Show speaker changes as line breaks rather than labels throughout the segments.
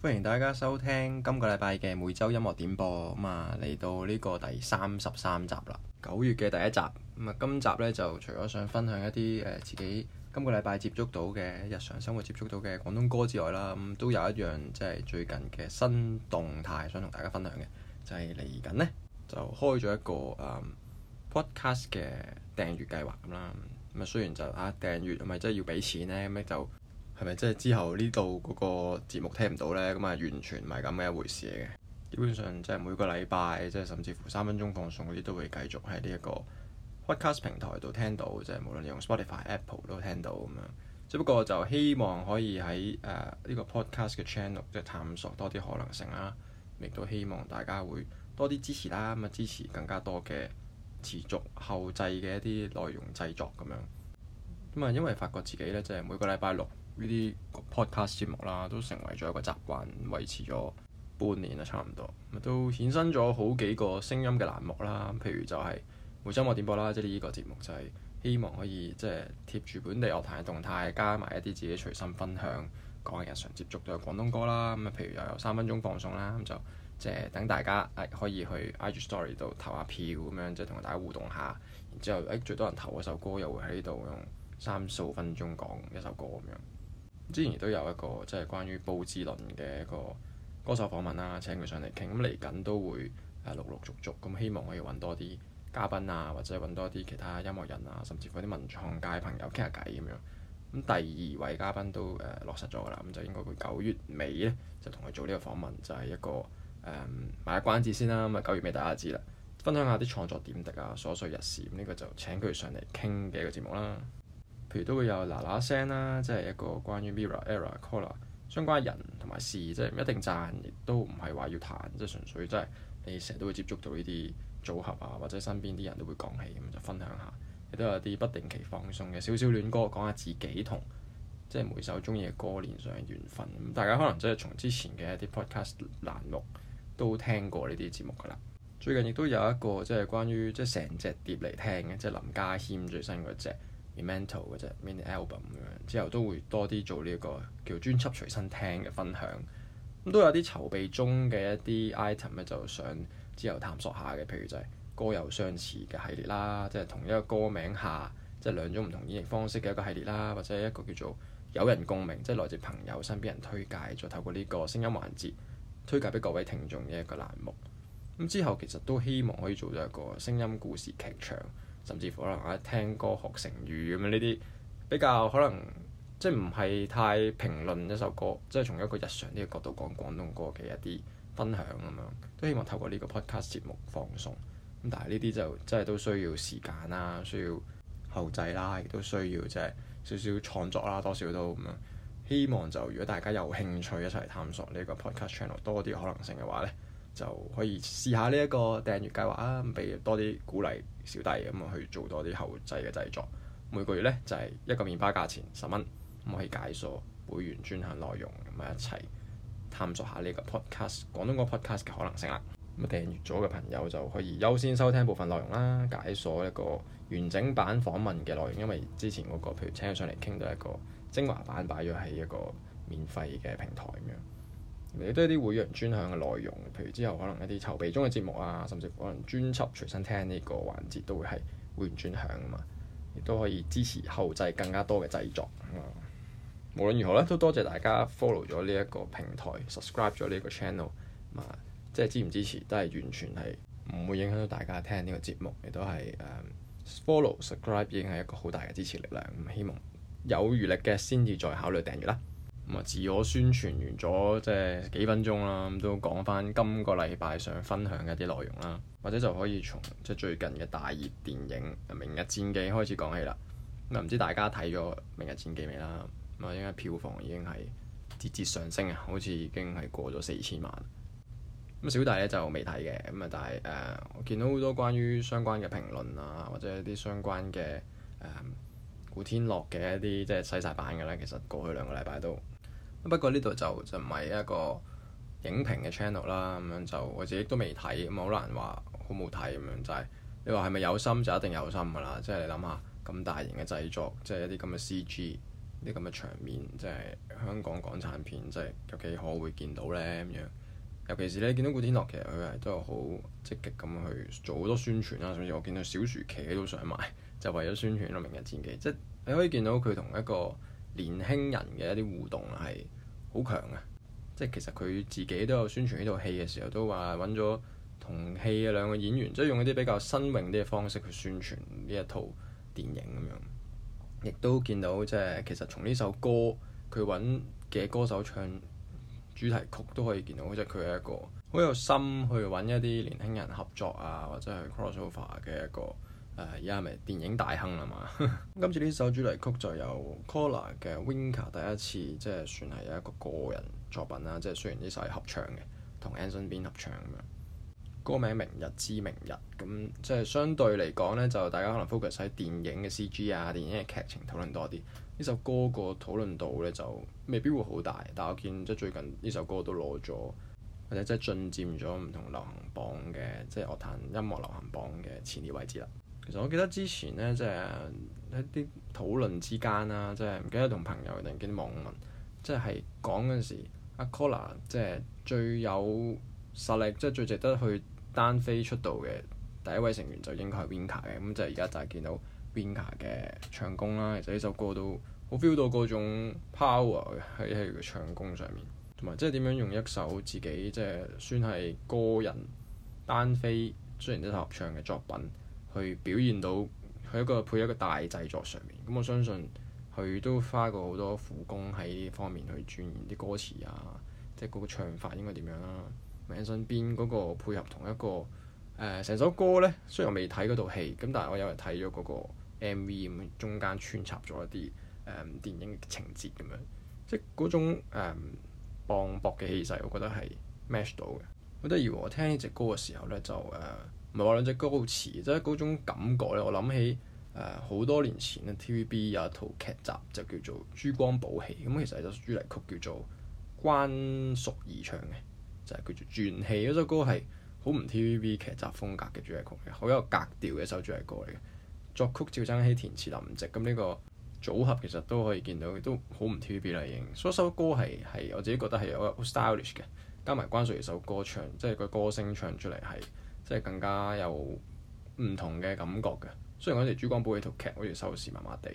歡迎大家收聽今個禮拜嘅每周音樂點播，咁啊嚟到呢個第三十三集啦。九月嘅第一集，咁啊今集呢，就除咗想分享一啲誒、呃、自己今個禮拜接觸到嘅日常生活，接觸到嘅廣東歌之外啦，咁都有一樣即係、就是、最近嘅新動態想同大家分享嘅，就係嚟緊呢，就開咗一個誒、嗯、podcast 嘅訂閱計劃咁啦。咁啊雖然就啊訂閱係咪即係要俾錢呢，咁就。係咪即係之後呢度嗰個節目聽唔到呢？咁啊完全唔係咁嘅一回事嘅。基本上即係每個禮拜，即係甚至乎三分鐘放送嗰啲都會繼續喺呢一個 podcast 平台度聽到，即係無論你用 Spotify、Apple 都聽到咁樣。只不過就希望可以喺誒呢個 podcast 嘅 channel 即係探索多啲可能性啦，亦都希望大家會多啲支持啦，咁啊支持更加多嘅持續後製嘅一啲內容製作咁樣。咁啊，因為發覺自己呢，即係每個禮拜六。呢啲 podcast 節目啦，都成為咗一個習慣，維持咗半年啊，差唔多咁都衍生咗好幾個聲音嘅欄目啦。譬如就係、是、每週音樂點播啦，即係呢個節目就係希望可以即係貼住本地樂壇嘅動態，加埋一啲自己隨心分享講日常接觸到嘅廣東歌啦。咁啊，譬如又有三分鐘放送啦，咁就即係等大家係可以去 IG Story 度投下票咁樣，即係同大家互動下。然之後誒最多人投嗰首歌又會喺呢度用三數分鐘講一首歌咁樣。之前都有一個即係關於布志綸嘅一個歌手訪問啦，請佢上嚟傾。咁嚟緊都會誒、呃、陸陸續續，咁希望可以揾多啲嘉賓啊，或者揾多啲其他音樂人啊，甚至乎啲文創界朋友傾下偈咁樣。咁第二位嘉賓都誒、呃、落實咗㗎啦，咁就應該佢九月尾咧就同佢做呢個訪問，就係、是、一個誒、呃、賣下關子先啦。咁啊九月尾大家知啦，分享一下啲創作點滴啊，瑣碎日事。咁呢個就請佢上嚟傾嘅一個節目啦。譬如都會有嗱嗱聲啦，即係一個關於 MIRROR、ERROR、COLLAR 相關人同埋事，即係唔一定贊，亦都唔係話要彈，即係純粹即係你成日都會接觸到呢啲組合啊，或者身邊啲人都會講起咁就分享下。亦都有啲不定期放鬆嘅少少戀歌，講下自己同即係每首中意嘅歌連上嘅緣分。咁大家可能即係從之前嘅一啲 Podcast 欄目都聽過呢啲節目㗎啦。最近亦都有一個即係關於即係成隻碟嚟聽嘅，即係林家謙最新嗰隻。mental 嗰隻，mini album 咁樣，之後都會多啲做呢一個叫專輯隨身聽嘅分享。咁都有啲籌備中嘅一啲 item 咧，就想之後探索下嘅，譬如就係歌有相似嘅系列啦，即係同一個歌名下，即係兩種唔同演繹方式嘅一個系列啦，或者一個叫做有人共鳴，即係來自朋友身邊人推介，再透過呢個聲音環節推介俾各位聽眾嘅一個欄目。咁之後其實都希望可以做咗一個聲音故事劇場。甚至可能啊，聽歌學成語咁樣呢啲比較可能，即係唔係太評論一首歌，即係從一個日常啲嘅角度講廣東歌嘅一啲分享咁樣。都希望透過呢個 podcast 節目放鬆咁，但係呢啲就真係都需要時間啦，需要後製啦，亦都需要即係少少創作啦，多少都咁樣。希望就如果大家有興趣一齊探索呢個 podcast channel 多啲可能性嘅話呢，就可以試下呢一個訂閱計劃啊，俾多啲鼓勵，小弟咁啊，去做多啲後製嘅製作。每個月呢就係、是、一個麵包價錢十蚊，咁可以解鎖會員專享內容咁啊，一齊探索下呢個 podcast 廣東歌 podcast 嘅可能性啦。咁啊、嗯，訂閱咗嘅朋友就可以優先收聽部分內容啦，解鎖一個完整版訪問嘅內容。因為之前嗰、那個譬如請佢上嚟傾到一個精華版，擺咗喺一個免費嘅平台咁樣。亦都係啲會員專享嘅內容，譬如之後可能一啲籌備中嘅節目啊，甚至可能專輯隨身聽呢個環節都會係會員專享啊嘛，亦都可以支持後製更加多嘅製作、嗯。無論如何咧，都多謝大家 follow 咗呢一個平台，subscribe 咗呢個 channel，嘛、嗯，即係支唔支持都係完全係唔會影響到大家聽呢個節目，亦都係、um, follow subscribe 已經係一個好大嘅支持力量。咁、嗯、希望有餘力嘅先至再考慮訂閱啦。咁啊，自我宣傳完咗即係幾分鐘啦，咁都講翻今個禮拜想分享嘅一啲內容啦，或者就可以從即係最近嘅大熱電影《明日戰記》開始講起啦。咁唔知大家睇咗《明日戰記》未啦？咁啊，依家票房已經係節節上升啊，好似已經係過咗四千萬。咁小弟咧就未睇嘅，咁啊，但係誒、呃，我見到好多關於相關嘅評論啊，或者一啲相關嘅、呃、古天樂嘅一啲即係西曬版嘅啦，其實過去兩個禮拜都～不過呢度就就唔係一個影評嘅 channel 啦，咁樣就我自己都未睇，咁好難話好唔好睇咁樣、就是。就係你話係咪有心就一定有心噶啦，即係你諗下咁大型嘅製作，即係一啲咁嘅 CG，啲咁嘅場面，即係香港港產片，即係有幾可會見到咧咁樣？尤其是咧見到古天樂，其實佢係都係好積極咁去做好多宣傳啦。甚至我見到小薯茄都想埋，就為咗宣傳咯《明日戰記》。即係你可以見到佢同一個年輕人嘅一啲互動係。好強啊！即係其實佢自己都有宣傳呢套戲嘅時候，都話揾咗同戲嘅兩個演員，即係用一啲比較新穎啲嘅方式去宣傳呢一套電影咁樣。亦都見到即係其實從呢首歌佢揾嘅歌手唱主題曲都可以見到，即係佢係一個好有心去揾一啲年輕人合作啊，或者係 crossover 嘅一個。誒而家咪電影大亨啦嘛。 今次呢首主題曲就由 COLLAR 嘅 Winka 第一次即係算係有一個個人作品啦。即係雖然呢首係合唱嘅，同 Anson Bean 合唱咁樣。歌名《明日之明日》咁即係相對嚟講呢，就大家可能 focus 喺電影嘅 C G 啊、電影嘅劇情討論多啲。呢首歌個討論度呢，就未必會好大，但我見即係最近呢首歌都攞咗，或者即係進佔咗唔同流行榜嘅，即係樂壇音樂流行榜嘅前列位置啦。其實我記得之前咧，即係一啲討論之間啦，即係唔記得同朋友定係啲網民，即係講嗰時，阿 COLLAR 即係最有實力，即係最值得去單飛出道嘅第一位成員，就應該係 Winka 嘅。咁就而家就係見到 Winka 嘅唱功啦。其實呢首歌都好 feel 到嗰種 power 喺喺佢唱功上面，同埋即係點樣用一首自己即係算係個人單飛，雖然一合唱嘅作品。去表現到佢一個配一個大製作上面，咁我相信佢都花過好多苦功喺呢方面去鑽研啲歌詞啊，即係嗰個唱法應該點樣啦、啊。我相信身邊嗰個配合同一個誒成、呃、首歌咧，雖然我未睇嗰套戲，咁但係我有日睇咗嗰個 MV 咁，中間穿插咗一啲誒、呃、電影情節咁樣，即係嗰種誒、呃、磅礴嘅氣勢，我覺得係 match 到嘅。我覺得如我聽呢隻歌嘅時候咧，就誒。呃唔係話兩隻歌好似，即係嗰種感覺咧。我諗起誒好、呃、多年前咧，TVB 有一套劇集就叫做《珠光寶氣》。咁其實一首主題曲叫做關淑怡唱嘅，就係、是、叫做《傳奇》。嗰首歌係好唔 TVB 劇集風格嘅主題曲嘅，好有格調嘅一首主題歌嚟嘅。作曲趙增熹、填詞林夕。咁呢個組合其實都可以見到，都好唔 TVB 啦。已經。所以首歌係係我自己覺得係有一好 stylish 嘅，加埋關淑怡首歌唱，即係個歌聲唱出嚟係。即係更加有唔同嘅感覺嘅。雖然嗰時珠光寶氣嘅套劇好似收視麻麻地，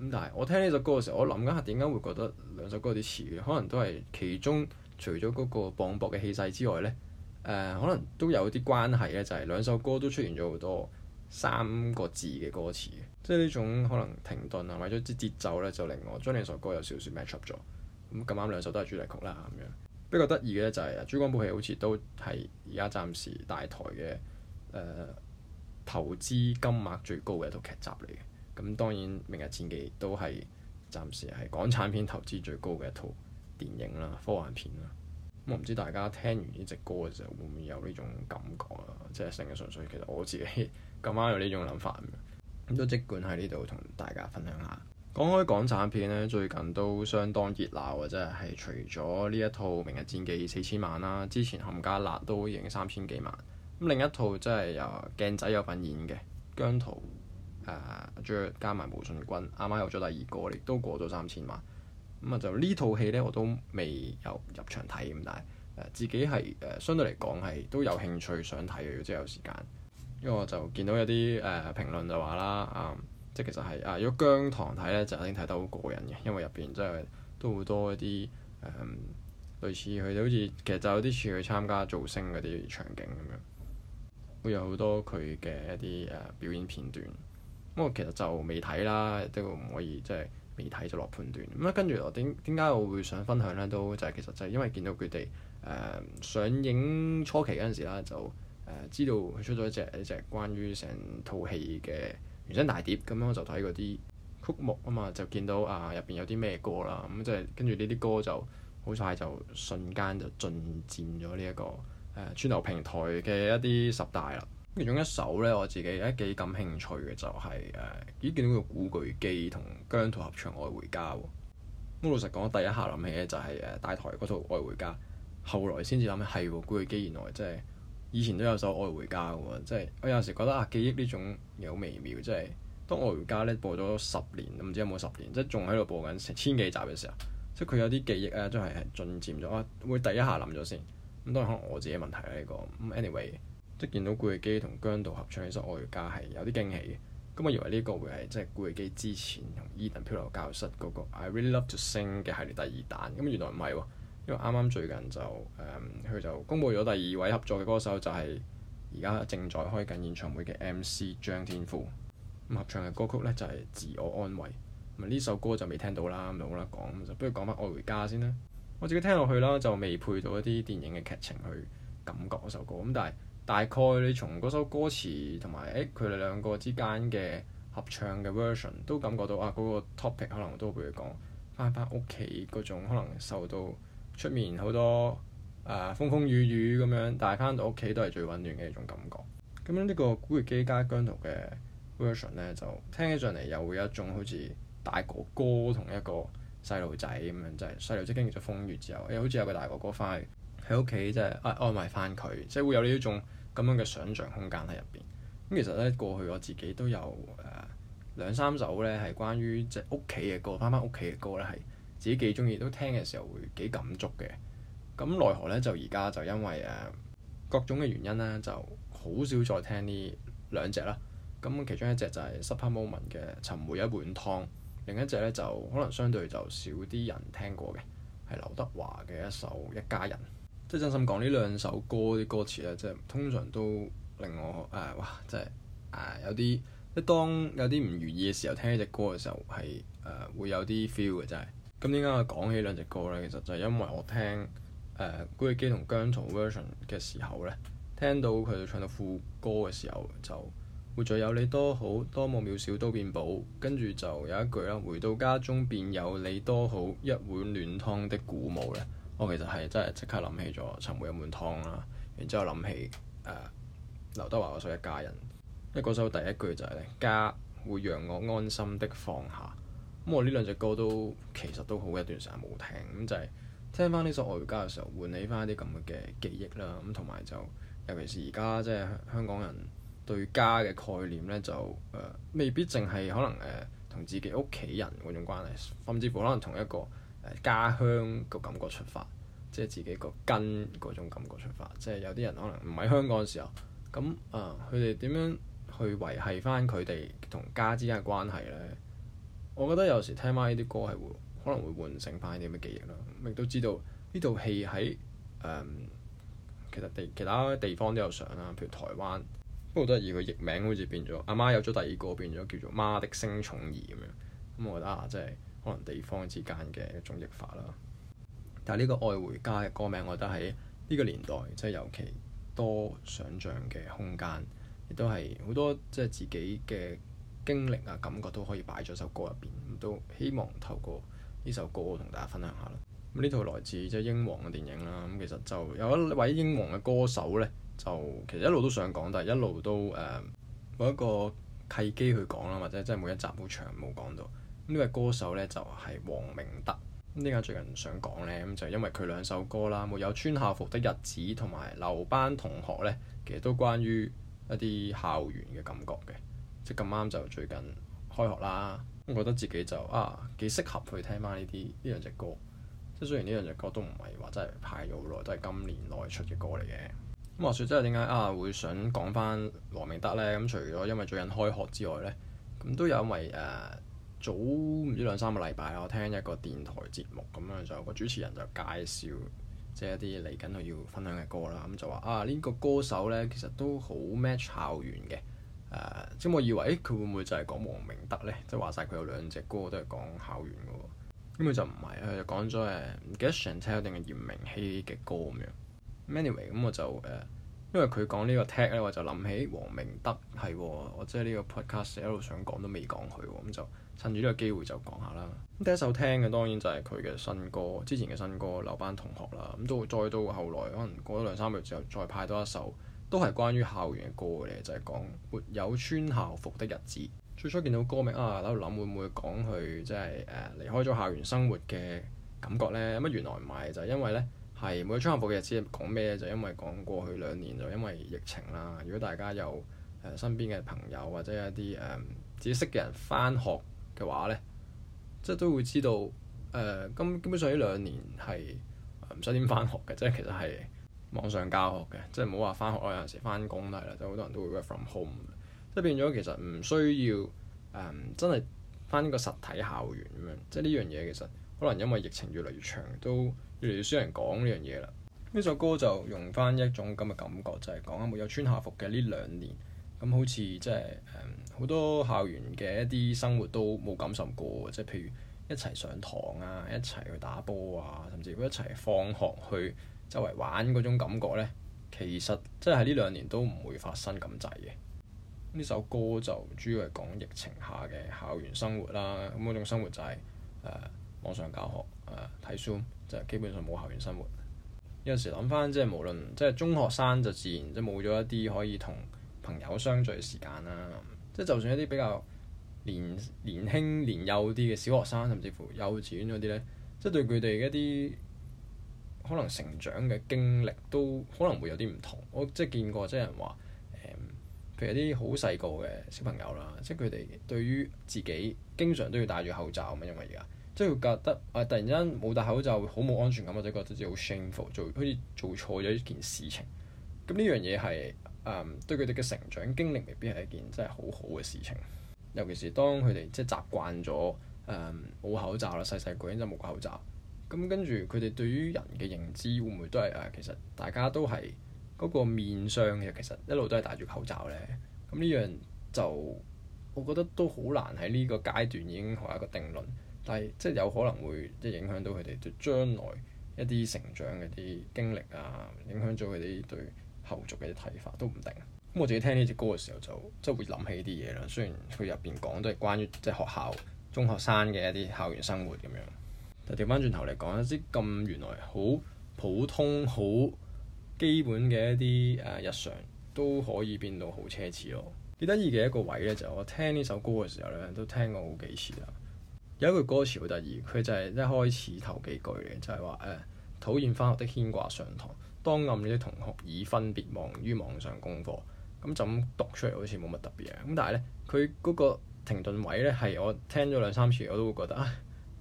咁但係我聽呢首歌嘅時候，我諗緊下點解會覺得兩首歌嘅詞、呃，可能都係其中除咗嗰個磅礴嘅氣勢之外咧，誒可能都有啲關係咧，就係兩首歌都出現咗好多三個字嘅歌詞，即係呢種可能停頓啊，或者啲節奏咧就令我將呢首歌有少少 match 咗，咁咁啱兩首都係主題曲啦咁樣。比較得意嘅就係珠光寶氣好似都係而家暫時大台嘅、呃、投資金額最高嘅一套劇集嚟嘅。咁當然《明日戰記》都係暫時係港產片投資最高嘅一套電影啦，科幻片啦。咁我唔知大家聽完呢隻歌嘅時候會唔會有呢種感覺啊？即係成日純粹，其實我自己咁 啱有呢種諗法，咁都即管喺呢度同大家分享下。講開港產片咧，最近都相當熱鬧啊！真係係除咗呢一套《明日戰記》四千萬啦，之前《冚家辣》都已經三千幾萬。咁另一套真係由鏡仔有份演嘅《姜濤》啊，誒，加埋毛舜筠，阿媽有咗第二個，亦都過咗三千萬。咁啊，就呢套戲咧，我都未有入場睇咁，但係誒、啊、自己係誒、啊、相對嚟講係都有興趣想睇嘅，只要有時間。因為我就見到有啲誒評論就話啦，啊～即其實係啊，如果姜糖睇咧，就一定睇得好過癮嘅，因為入邊真係都好多一啲誒、嗯、類似佢好似其實就有啲似佢參加造星嗰啲場景咁樣，會有好多佢嘅一啲誒表演片段。不過其實就未睇啦，即係唔可以即係未睇就落判斷。咁、嗯、啊，跟住我點點解我會想分享咧？都就係、是、其實就係因為見到佢哋誒上映初期嗰陣時啦，就誒、嗯、知道佢出咗一隻一隻關於成套戲嘅。.原聲大碟，咁我就睇嗰啲曲目啊嘛、嗯，就見到啊入邊有啲咩歌啦，咁即係跟住呢啲歌就好快就瞬間就進佔咗呢一個誒串、呃、流平台嘅一啲十大啦。其中一首呢，我自己呢幾感興趣嘅就係、是、誒、啊、咦，見到個古巨基同姜濤合唱《愛回家》喎、啊。咁老實講，第一下諗起呢就係、是、誒、啊、大台嗰套《愛回家》，後來先至諗起係喎，古巨基原來即係。以前都有首《愛回家》㗎喎，即係我有陣時覺得啊，記憶呢種嘢好微妙，即係當《愛回家》咧播咗十年，唔知有冇十年，即係仲喺度播緊千幾集嘅時候，即係佢有啲記憶啊，都係進佔咗，啊，會第一下諗咗先。咁當然可能我自己問題啦呢個。咁 anyway，即係見到古巨基同姜濤合唱呢首《愛回家》係有啲驚喜嘅。咁我以為呢個會係即係古巨基之前同伊頓漂流教室嗰個《I Really Love To Sing》嘅系列第二彈，咁原來唔係喎。因為啱啱最近就誒佢、嗯、就公佈咗第二位合作嘅歌手，就係而家正在開緊演唱會嘅 M.C. 張天賦。合唱嘅歌曲呢，就係、是《自我安慰》。咁呢首歌就未聽到啦，咁就冇得講。咁就不如講翻《愛回家》先啦。我自己聽落去啦，就未配到一啲電影嘅劇情去感覺嗰首歌。咁但係大概你從嗰首歌詞同埋誒佢哋兩個之間嘅合唱嘅 version 都感覺到啊，嗰、那個 topic 可能都會講翻翻屋企嗰種可能受到。出面好多誒、啊、風風雨雨咁樣，但係翻到屋企都係最溫暖嘅一種感覺。咁樣呢個古巨基加姜濤嘅 version 咧，就聽起上嚟又會有一種好似大哥哥同一個細路仔咁樣，即係細路仔係經歷咗風雨之後，誒好似有個大哥哥翻去喺屋企即係安安慰翻佢，即係、即係啊哎即係、會有呢一種咁樣嘅想像空間喺入邊。咁其實咧過去我自己都有誒、啊、兩三首咧係關於即係屋企嘅歌，翻翻屋企嘅歌咧係。自己幾中意都聽嘅時候會幾感觸嘅。咁奈何呢？就而家就因為誒、呃、各種嘅原因咧，就好少再聽呢兩隻啦。咁其中一隻就係 Super Moment 嘅《尋回一碗湯》，另一隻呢就可能相對就少啲人聽過嘅，係劉德華嘅一首《一家人》。即係真心講呢兩首歌啲歌詞咧，即係通常都令我誒、呃、哇！即係、呃、有啲一當有啲唔如意嘅時候聽一隻歌嘅時候係誒、呃、會有啲 feel 嘅，真係。咁點解我講起兩隻歌呢？其實就係因為我聽誒、呃、古巨基同姜濤 version 嘅時候呢，聽到佢唱到副歌嘅時候，就活在有你多好，多麼渺小都變寶。跟住就有一句啦，回到家中便有你多好一碗暖湯的鼓舞呢，我其實係真係即刻諗起咗《尋回一碗湯》啦。然之後諗起誒、呃、劉德華嗰首《一家人》，呢首第一句就係、是、呢家會讓我安心的放下。咁我呢兩隻歌都其實都好一段時間冇聽，咁就係、是、聽翻呢首《愛回家》嘅時候，喚起翻啲咁嘅嘅記憶啦。咁同埋就尤其是而家即係香港人對家嘅概念咧，就誒、呃、未必淨係可能誒、呃、同自己屋企人嗰種關係，甚至乎可能同一個誒、呃、家鄉個感覺出發，即、就、係、是、自己個根嗰種感覺出發。即、就、係、是、有啲人可能唔喺香港嘅時候，咁誒佢哋點樣去維係翻佢哋同家之間嘅關係咧？我覺得有時聽翻呢啲歌係會可能會喚醒翻啲咁嘅記憶啦，亦都知道呢套戲喺誒、嗯、其實地其他地方都有上啦，譬如台灣，不過都係以佢譯名好似變咗《阿媽有咗第二個》變咗叫做《媽的星寵兒》咁樣，咁、嗯、我覺得啊，真係可能地方之間嘅一種譯法啦。但係呢個《愛回家》嘅歌名，我覺得喺呢個年代即係尤其多想像嘅空間，亦都係好多即係自己嘅。經歷啊，感覺都可以擺咗首歌入邊，都希望透過呢首歌同大家分享下啦。呢套來自即係英皇嘅電影啦，咁其實就有一位英皇嘅歌手呢，就其實一路都想講，但係一路都誒冇、uh, 一個契機去講啦，或者即係每一集好長冇講到。呢位歌手呢，就係、是、黃明德。咁點解最近想講呢？咁就因為佢兩首歌啦，沒有穿校服的日子同埋留班同學呢，其實都關於一啲校園嘅感覺嘅。即咁啱就最近開學啦，覺得自己就啊幾適合去聽翻呢啲呢兩隻歌。即雖然呢兩隻歌都唔係話真係排咗好耐，都係今年內出嘅歌嚟嘅。咁、嗯、話説真係點解啊會想講翻黃明德呢？咁、嗯、除咗因為最近開學之外呢，咁都有因為誒、啊、早唔知兩三個禮拜我聽一個電台節目咁樣，就有個主持人就介紹即一啲嚟緊佢要分享嘅歌啦。咁、嗯、就話啊呢、呢個歌手呢，其實都好 match 校園嘅。誒，即、嗯、我以為，佢會唔會就係講黃明德呢？即係話晒佢有兩隻歌都係講校園嘅喎，咁佢就唔係佢就講咗誒，唔記得上 tag 定係嚴明希嘅歌咁樣。anyway，咁、嗯、我就誒、呃，因為佢講呢個 tag 咧，我就諗起黃明德，係喎、哦，我即係呢個 podcast 一路想講都未講佢喎，咁、嗯、就趁住呢個機會就講下啦。咁第一首聽嘅當然就係佢嘅新歌，之前嘅新歌《留班同學》啦、嗯，咁到再到後來可能過咗兩三個月之後，再派多一首。都係關於校園嘅歌嘅，就係、是、講沒有穿校服的日子。最初見到歌名啊，喺度諗會唔會講佢即係誒離開咗校園生活嘅感覺呢？乜原來唔係，就是、因為呢，係沒有穿校服嘅日子講咩？就是、因為講過去兩年就因為疫情啦。如果大家有誒、呃、身邊嘅朋友或者一啲誒、呃、自己識嘅人翻學嘅話呢，即係都會知道誒。咁、呃、基本上呢兩年係唔使點翻學嘅，即係其實係，網上教學嘅，即係唔好話翻學啊，有陣時翻工都係啦，就好多人都會 work from home，即係變咗其實唔需要誒、嗯，真係翻個實體校園咁樣。即係呢樣嘢其實可能因為疫情越嚟越長，都越嚟越少人講呢樣嘢啦。呢、嗯、首歌就用翻一種咁嘅感覺就係、是、講下，冇有穿校服嘅呢兩年，咁好似即係誒好多校園嘅一啲生活都冇感受過，即係譬如一齊上堂啊，一齊去打波啊，甚至乎一齊放學去，周圍玩嗰種感覺呢，其實即係呢兩年都唔會發生咁滯嘅。呢首歌就主要係講疫情下嘅校園生活啦，咁嗰種生活就係、是、誒、呃、網上教學，誒、呃、睇 Zoom，就基本上冇校園生活。有時諗翻，即係無論即係中學生就自然即冇咗一啲可以同朋友相聚嘅時間啦。即係就算一啲比較年年輕年幼啲嘅小學生，甚至乎幼稚園嗰啲呢，即係對佢哋一啲。可能成長嘅經歷都可能會有啲唔同。我即係見過即係人話，誒、嗯，譬如啲好細個嘅小朋友啦，即係佢哋對於自己經常都要戴住口罩咁嘛，因為而家即係會覺得啊，突然間冇戴口罩好冇安全感，或者覺得自己好 shameful，做好似做錯咗一件事情。咁呢樣嘢係誒對佢哋嘅成長經歷未必係一件真係好好嘅事情。尤其是當佢哋即係習慣咗誒冇口罩啦，細細個已經就冇個口罩。咁跟住佢哋對於人嘅認知會唔會都係啊？其實大家都係嗰個面相嘅，其實一路都係戴住口罩咧。咁呢樣就我覺得都好難喺呢個階段已經學一個定論，但係即係有可能會即係影響到佢哋對將來一啲成長嘅啲經歷啊，影響咗佢哋對後續嘅啲睇法都唔定。咁我自己聽呢隻歌嘅時候就即係會諗起啲嘢啦。雖然佢入邊講都係關於即係、就是、學校中學生嘅一啲校園生活咁樣。就調翻轉頭嚟講啊！即咁原來好普通、好基本嘅一啲誒、呃、日常都可以變到好奢侈咯。幾得意嘅一個位呢，就係、我聽呢首歌嘅時候呢，都聽過好幾次啦。有一句歌詞好得意，佢就係一開始頭幾句嘅，就係話誒討厭返學的牽掛，上堂，當暗戀的同學已分別忙於網上功課。咁就咁讀出嚟好似冇乜特別嘅。咁但係呢，佢嗰個停頓位呢，係我聽咗兩三次我都會覺得啊～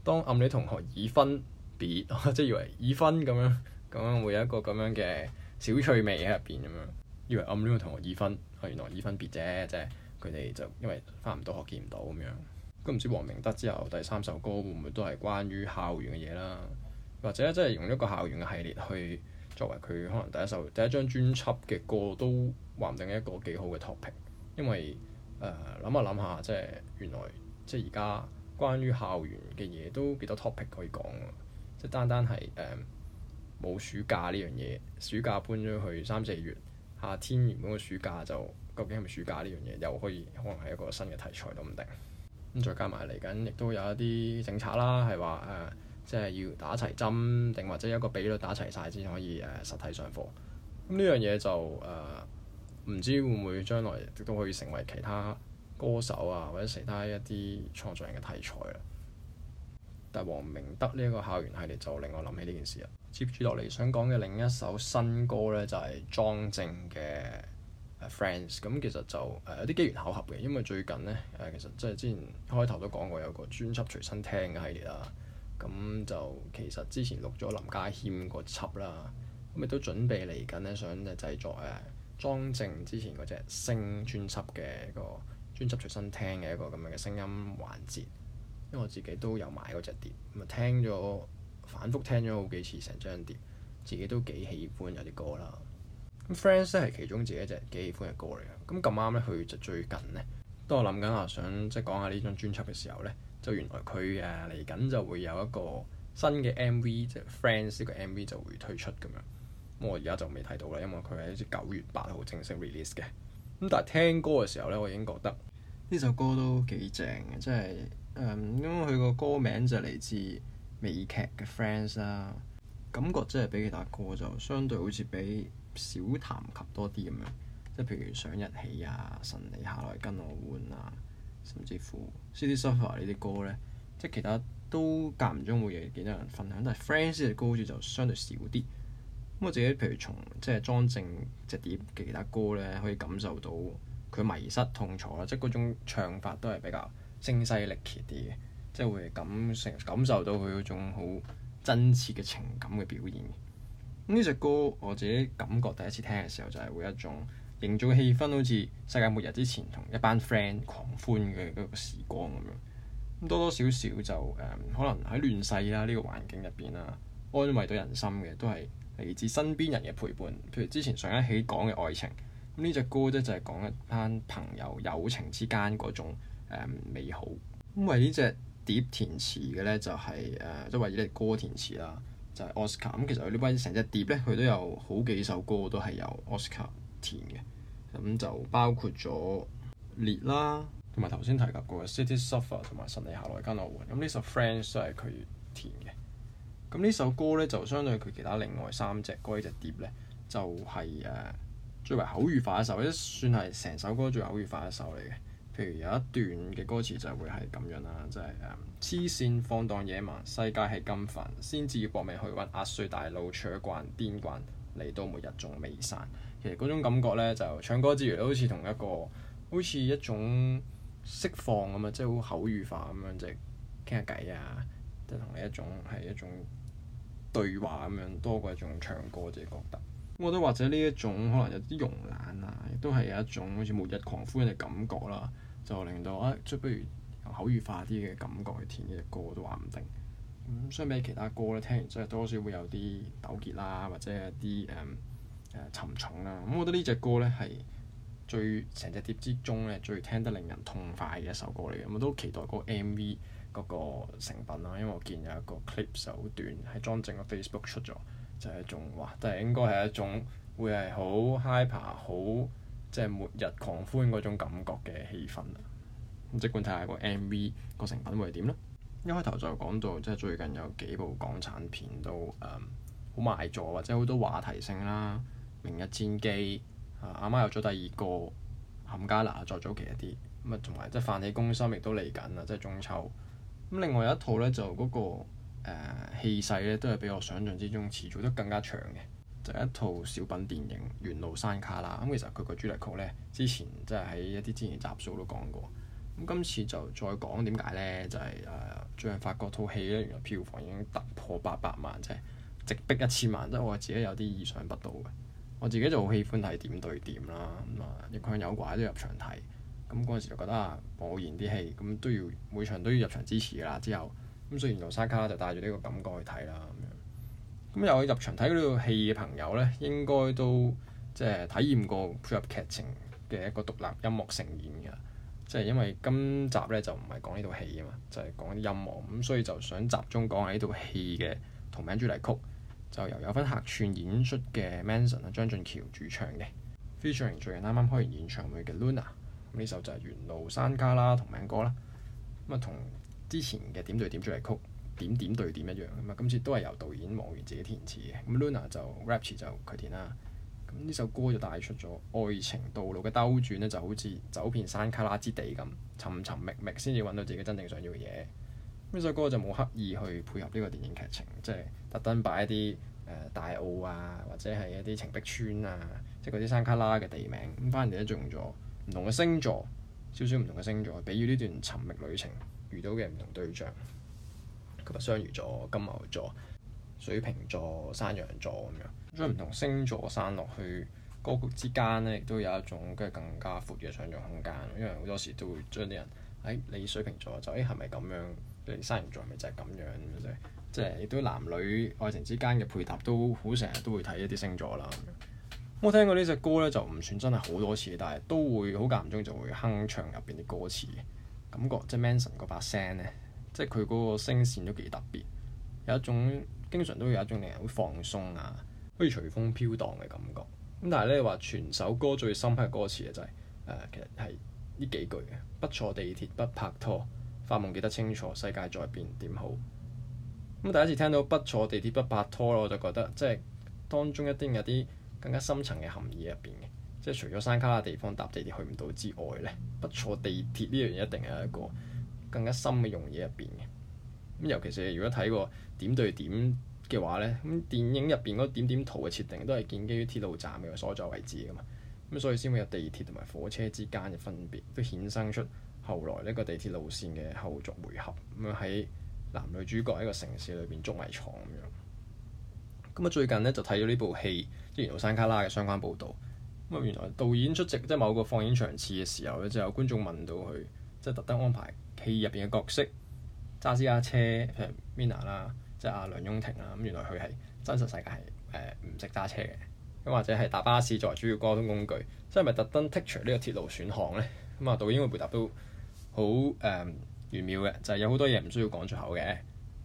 當暗戀同學已分別， 即係以為已分咁樣，咁樣會有一個咁樣嘅小趣味喺入邊咁樣，以為暗戀同學已分、啊，原來已分別啫，即係佢哋就因為返唔到學見唔到咁樣。咁唔知黃明德之後第三首歌會唔會都係關於校園嘅嘢啦，或者即係用一個校園嘅系列去作為佢可能第一首第一張專輯嘅歌，都話唔定係一個幾好嘅 topic，因為誒諗下諗下，即係原來即係而家。關於校園嘅嘢都幾多 topic 可以講，即係單單係冇、uh, 暑假呢樣嘢，暑假搬咗去三四月，夏天原本個暑假就究竟係咪暑假呢樣嘢？又可以可能係一個新嘅題材都唔定。咁再加埋嚟緊，亦都有一啲政策啦，係話誒，uh, 即係要打齊針，定或者一個比率打齊晒先可以誒、uh, 實體上課。咁呢樣嘢就誒，唔、uh, 知會唔會將來亦都可以成為其他歌手啊，或者其他一啲創作人嘅題材啦。但係黃明德呢一個校園系列就令我諗起呢件事啦。接住落嚟想講嘅另一首新歌呢，就係、是、莊正嘅《Friends》。咁、嗯、其實就誒、嗯、有啲機緣巧合嘅，因為最近呢，誒、嗯、其實即係之前開頭都講過有個專輯隨身聽嘅系列啦。咁、嗯、就其實之前錄咗林家謙個輯啦，咁、嗯、亦都準備嚟緊呢，想誒製作誒、嗯、莊正之前嗰隻 ZiNG! 專輯嘅一個。專輯隨身聽嘅一個咁樣嘅聲音環節，因為我自己都有買嗰隻碟，咁啊聽咗反覆聽咗好幾次成張碟，自己都幾喜歡有啲歌啦。咁 Friends 咧係其中自己一隻幾喜歡嘅歌嚟嘅，咁咁啱咧佢就最近咧，當我諗緊啊想即係講下呢張專輯嘅時候咧，就原來佢誒嚟緊就會有一個新嘅 M V，即係 Friends 呢個 M V 就會推出咁樣。咁我而家就未睇到啦，因為佢係一隻九月八號正式 release 嘅。咁但係聽歌嘅時候咧，我已經覺得呢首歌都幾正嘅，即係誒、嗯，因為佢個歌名就嚟自美劇嘅 Friends 啊，感覺即係比其他歌就相對好似比小談及多啲咁樣，即係譬如想一起啊、神你下來跟我換啊，甚至乎 City Suffer、啊、呢啲歌咧，即係其他都間唔中會有幾多人分享，但係 Friends 呢首歌好似就相對少啲。我自己，譬如從即係莊正隻碟其他歌咧，可以感受到佢迷失痛楚啦，即係嗰種唱法都係比較聲嘶力竭啲嘅，即係會感成感受到佢嗰種好真切嘅情感嘅表現。咁呢隻歌我自己感覺第一次聽嘅時候，就係會一種營造氣氛，好似世界末日之前同一班 friend 狂歡嘅嗰個時光咁樣。咁多多少少就誒、嗯，可能喺亂世啦、啊、呢、呢個環境入邊啦，安慰到人心嘅都係，嚟自身邊人嘅陪伴，譬如之前上一期講嘅愛情，咁呢隻歌咧就係講一班朋友友情之間嗰種美好。咁為呢隻碟填詞嘅咧就係、是、誒，即、呃、係為呢隻歌填詞啦，就係、是、Oscar。咁其實佢呢班成隻碟咧，佢都有好幾首歌都係由 Oscar 填嘅，咁就包括咗《列》啦，同埋頭先提及過嘅《City Suffer》同埋《神利下來跟我換》。咁呢首《Friends》都係佢填嘅。咁呢首歌咧就相對佢其他另外三隻歌呢隻碟咧，就係、是、誒、啊、最為口語化一首，即係算係成首歌最為口語化一首嚟嘅。譬如有一段嘅歌詞就係會係咁樣啦，即係誒黐線放蕩野蠻，世界係咁煩，先至搏命去揾壓碎大路，唱慣癲慣嚟到每日仲未散。其實嗰種感覺咧，就唱歌之餘都好似同一個，好似一種釋放咁啊，即係好口語化咁樣，即係傾下偈啊，即係同你一種係一種。對話咁樣多過一種唱歌，我自己覺得。我覺得或者呢一種可能有啲慵懶啊，亦都係有一種好似末日狂歡嘅感覺啦，就令到啊，即不如口語化啲嘅感覺去填呢隻歌我都話唔定。相比其他歌咧，聽完真係多少會有啲糾結啦，或者一啲誒沉重啦。咁我覺得呢隻歌咧係最成隻碟之中咧最聽得令人痛快嘅一首歌嚟嘅，我都期待個 MV。嗰個成品啦，因為我見有一個 clip，手短，喺莊正個 Facebook 出咗，就係、是、一種哇，都係應該係一種會係好 hyper 好即係末日狂歡嗰種感覺嘅氣氛啦。即管睇下個 M.V. 個成品會點呢？一開頭就講到即係最近有幾部港產片都誒好、嗯、賣座，或者好多話題性啦，《明日戰記》啊，阿媽有咗第二個《闔家辣》，再早期一啲咁啊，同埋即係《飯氣攻心》亦都嚟緊啦，即係中秋。咁另外一套呢，就嗰、那個誒、呃、氣勢呢都係比我想象之中持續得更加長嘅，就係、是、一套小品電影《緣路山旮旯》啦。咁、嗯、其實佢個主題曲呢，之前即係喺一啲之前集數都講過，咁、嗯、今次就再講點解呢？就係、是、誒、呃、最近發覺套戲呢，原來票房已經突破八百萬，即係直逼一千萬。即係我自己有啲意想不到嘅。我自己就好喜歡睇點對點啦，咁、嗯、啊亦向有寡都入場睇。咁嗰陣時就覺得啊，無言啲戲咁都要每場都要入場支持啦。之後咁，雖然羅沙卡就帶住呢個感覺去睇啦。咁樣咁有入場睇呢套戲嘅朋友呢，應該都即係體驗過配合劇情嘅一個獨立音樂盛宴㗎。即係因為今集呢就唔係講呢套戲啊嘛，就係、是、講啲音樂咁，所以就想集中講下呢套戲嘅同名主題曲就由有份客串演出嘅 Manson 啊張俊橋主唱嘅，featuring 最近啱啱開完演唱會嘅 Luna。呢首就係、是《沿路山卡拉緣路山旮旯》同名歌啦。咁啊，同之前嘅《點對點主題曲》點點對點一樣。咁啊，今次都係由導演黃浩然自己填詞嘅。咁 Luna 就 rap 詞就佢填啦。咁呢首歌就帶出咗愛情道路嘅兜轉呢就好似走遍山旮旯之地咁，尋尋覓覓先至揾到自己真正想要嘅嘢。呢首歌就冇刻意去配合呢個電影劇情，即係特登擺一啲、呃、大澳啊，或者係一啲情碧村啊，即係嗰啲山旮旯嘅地名咁，反而都用咗。唔同嘅星座，少少唔同嘅星座，比喻呢段尋覓旅程遇到嘅唔同對象，例如雙魚座、金牛座、水瓶座、山羊座咁樣，將唔同星座散落去歌曲之間咧，亦都有一種更加闊嘅想像空間。因為好多時都會將啲人喺、哎、你水瓶座就誒係咪咁樣？你山羊座咪就係咁樣咁啫。即係亦都男女愛情之間嘅配搭都好成日都會睇一啲星座啦。我聽過呢隻歌咧，就唔算真係好多次，但係都會好間唔中就會哼唱入邊啲歌詞感覺。即係 Manson 嗰把聲咧，即係佢嗰個聲線都幾特別，有一種經常都有一種令人會放鬆啊，可以隨風飄蕩嘅感覺。咁但係咧話全首歌最深刻嘅歌詞就係、是、誒、呃，其實係呢幾句嘅不坐地鐵不拍拖，發夢記得清楚，世界在變點好。咁第一次聽到不坐地鐵不拍拖咧，我就覺得即係當中一啲有啲，更加深層嘅含義入邊嘅，即係除咗山卡拉地方搭地鐵去唔到之外呢，不坐地鐵呢樣嘢一定係一個更加深嘅用意入邊嘅。咁尤其是如果睇過點對點嘅話呢，咁電影入邊嗰點點圖嘅設定都係建基於鐵路站嘅所在位置嘅嘛，咁所以先會有地鐵同埋火車之間嘅分別，都衍生出後來呢個地鐵路線嘅後續回合咁啊。喺男女主角喺個城市裏邊捉迷藏咁樣。咁啊，最近呢就睇咗呢部戲。啲《緣路山旮旯》嘅相關報導，咁啊原來導演出席即係某個放映場次嘅時候咧，就有觀眾問到佢，即係特登安排戲入邊嘅角色揸私家車誒 Mina 啦，ina，即係阿梁雍婷啊。」咁原來佢係真實世界係誒唔識揸車嘅，咁、呃、或者係搭巴士作為主要交通工具，即係咪特登剔除呢個鐵路選項咧？咁、嗯、啊導演嘅回答都好誒玄妙嘅，就係、是、有好多嘢唔需要講出口嘅，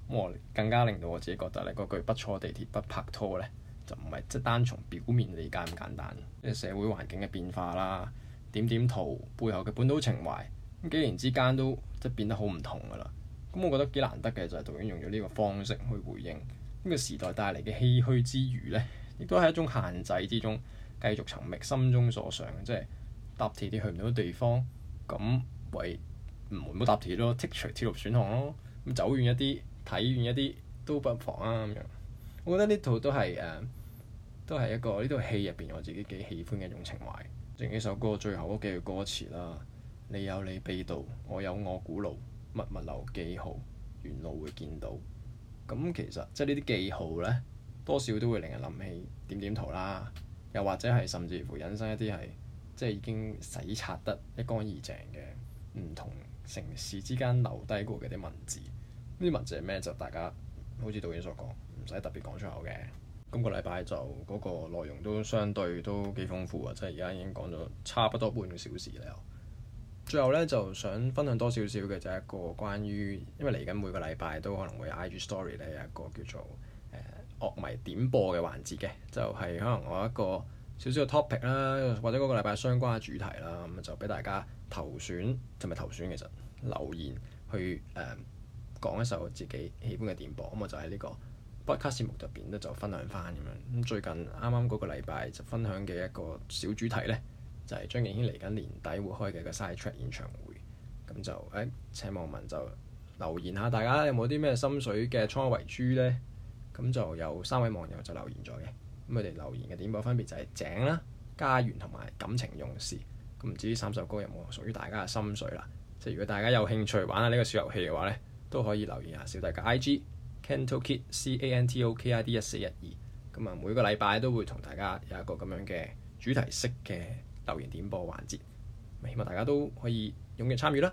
咁我更加令到我自己覺得咧嗰句不坐地鐵不拍拖咧。就唔係即係單從表面理解咁簡單，即係社會環境嘅變化啦，點點圖背後嘅本土情懷，咁幾年之間都即係變得好唔同㗎啦。咁我覺得幾難得嘅就係、是、導演用咗呢個方式去回應呢、呢個時代帶嚟嘅唏噓之餘咧，亦都係一種限制之中繼續尋覓心中所想，即係搭鐵鐵去唔到嘅地方，咁為唔冇搭鐵咯，剔除鐵路選項咯，咁走遠一啲，睇遠一啲都不妨啊咁樣。我覺得呢套都係誒。啊都係一個呢套戲入邊我自己幾喜歡嘅一種情懷。整呢首歌最後嗰幾句歌詞啦，你有你秘道，我有我古老默默留記號，沿路會見到。咁、嗯、其實即係呢啲記號呢，多少都會令人諗起點點圖啦，又或者係甚至乎引申一啲係即係已經洗刷得一乾二淨嘅唔同城市之間留低過嘅啲文字。呢啲文字係咩？就大家好似導演所講，唔使特別講出口嘅。今個禮拜就嗰個內容都相對都幾豐富啊！即係而家已經講咗差唔多半個小時啦，又最後呢，就想分享多少少嘅就係一個關於，因為嚟緊每個禮拜都可能會 I G Story 呢，有一個叫做誒、呃、樂迷點播嘅環節嘅，就係、是、可能我一個少少嘅 topic 啦，或者嗰個禮拜相關嘅主題啦，咁就俾大家投選就咪投選其實留言去誒、呃、講一首自己喜歡嘅點播，咁我就係呢、這個。筆卡節目入邊咧就分享翻咁樣，咁最近啱啱嗰個禮拜就分享嘅一個小主題呢，就係、是、張敬軒嚟緊年底會開嘅個 side track 演唱會，咁就誒、欸、請網民就留言下，大家有冇啲咩心水嘅滄海遺珠呢？咁就有三位網友就留言咗嘅，咁佢哋留言嘅點播分別就係井啦、家園同埋感情用事，咁唔知呢三首歌有冇屬於大家嘅心水啦？即係如果大家有興趣玩下呢個小遊戲嘅話呢，都可以留言下小弟嘅 I G。Canto Kid C A N T O K I D 一四一二咁啊，每個禮拜都會同大家有一個咁樣嘅主題式嘅留言點播環節，希望大家都可以踴躍參與啦。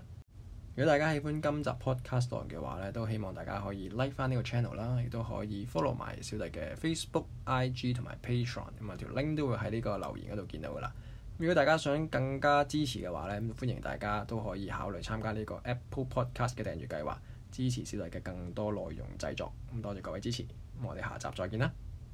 如果大家喜歡今集 Podcast 嘅話咧，都希望大家可以 like 翻呢個 channel 啦，亦都可以 follow 埋小弟嘅 Facebook、IG 同埋 Patreon，咁啊條 link 都會喺呢個留言嗰度見到噶啦。如果大家想更加支持嘅話咧，歡迎大家都可以考慮參加呢個 Apple Podcast 嘅訂閱計劃。支持小弟嘅更多內容製作，咁多謝各位支持，咁我哋下集再見啦。